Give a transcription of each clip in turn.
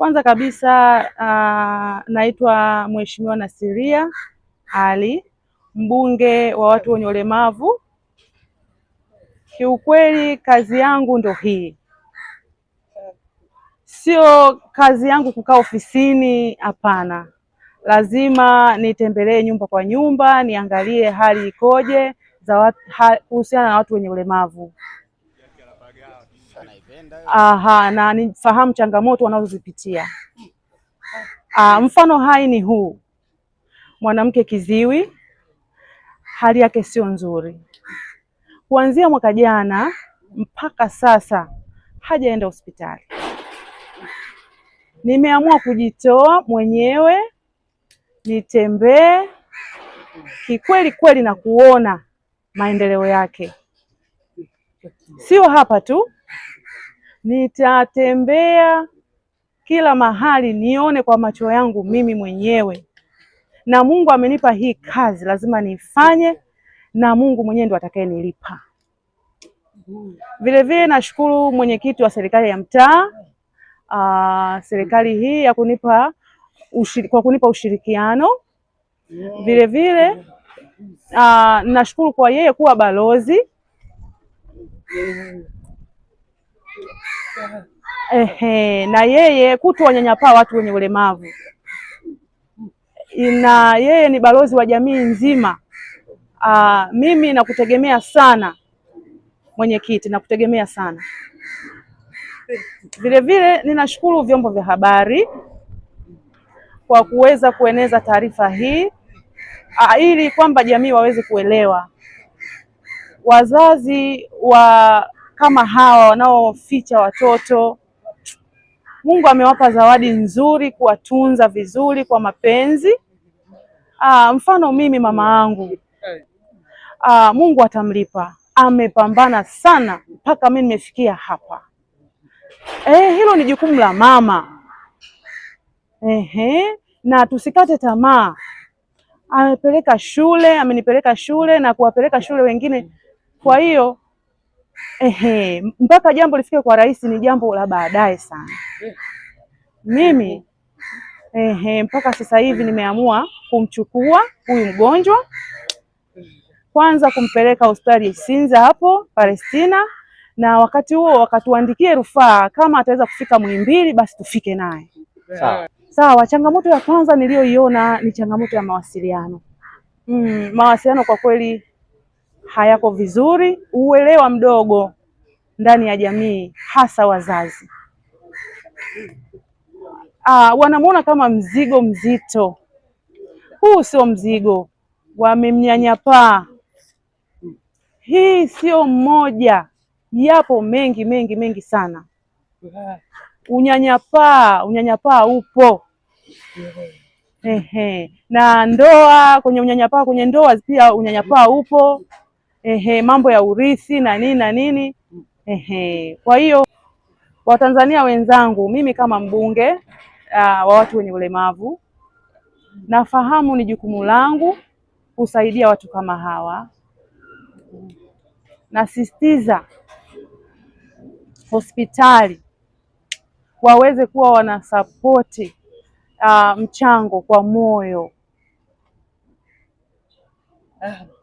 Kwanza kabisa uh, naitwa Mheshimiwa Nasiria Ali, mbunge wa watu wenye ulemavu. Kiukweli kazi yangu ndo hii, sio kazi yangu kukaa ofisini, hapana. Lazima nitembelee nyumba kwa nyumba, niangalie hali ikoje za kuhusiana na watu wenye ulemavu. Aha, na nifahamu changamoto wanazozipitia. Ah, mfano hai ni huu, mwanamke kiziwi, hali yake sio nzuri, kuanzia mwaka jana mpaka sasa hajaenda hospitali. Nimeamua kujitoa mwenyewe nitembee kikweli kweli na kuona maendeleo yake, sio hapa tu nitatembea kila mahali nione kwa macho yangu mimi mwenyewe, na Mungu amenipa hii kazi, lazima niifanye, na Mungu mwenyewe nilipa atakayenilipa. Vilevile nashukuru mwenyekiti wa serikali ya mtaa uh, serikali hii ya kunipa ushir, kwa kunipa ushirikiano vilevile uh, ah, nashukuru kwa yeye kuwa balozi Ehe, na yeye kutu wanyanyapaa watu wenye ulemavu na yeye ni balozi wa jamii nzima. Aa, ah, mimi nakutegemea sana mwenyekiti, nakutegemea sana vilevile. Ninashukuru vyombo vya habari kwa kuweza kueneza taarifa hii ili kwamba jamii waweze kuelewa, wazazi wa kama hawa wanaoficha watoto. Mungu amewapa zawadi nzuri kuwatunza vizuri kwa mapenzi. Aa, ah, mfano mimi mama yangu Aa, ah, Mungu atamlipa, amepambana sana mpaka mimi nimefikia hapa. Eh, hilo ni jukumu la mama. Ehe, na tusikate tamaa. Amepeleka shule, amenipeleka shule na kuwapeleka shule wengine, kwa hiyo ehe, mpaka jambo lifike kwa rais ni jambo la baadaye sana. Mimi ehe, mpaka sasa hivi nimeamua kumchukua huyu mgonjwa kwanza kumpeleka hospitali sinza hapo Palestina, na wakati huo wakatuandikie rufaa kama ataweza kufika Muhimbili basi tufike naye sawa. Sawa, changamoto ya kwanza niliyoiona ni changamoto ya mawasiliano. Mm, mawasiliano kwa kweli hayako vizuri, uelewa mdogo ndani ya jamii, hasa wazazi ah, wanamuona kama mzigo mzito. Huu sio mzigo, wamemnyanyapaa. Hii sio mmoja, yapo mengi mengi mengi sana. Unyanyapaa, unyanyapaa upo ehe, na ndoa, kwenye unyanyapaa, kwenye ndoa pia unyanyapaa upo ehe, mambo ya urithi na nini na nini ehe. Kwa hiyo Watanzania wenzangu, mimi kama mbunge ah, wa uh, watu wenye ulemavu nafahamu ni jukumu langu kusaidia watu kama hawa. Nasisitiza hospitali waweze kuwa wanasapoti uh, ah, mchango kwa moyo uh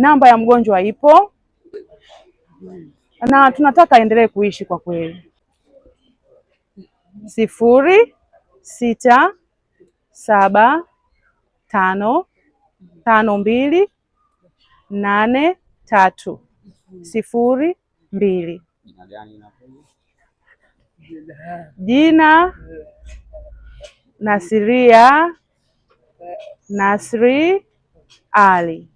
namba ya mgonjwa ipo na tunataka aendelee kuishi kwa kweli. sifuri sita saba tano tano mbili nane tatu sifuri mbili. Jina Nasiria Nasri Ali.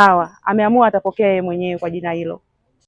sawa, ameamua atapokea yeye mwenyewe kwa jina hilo.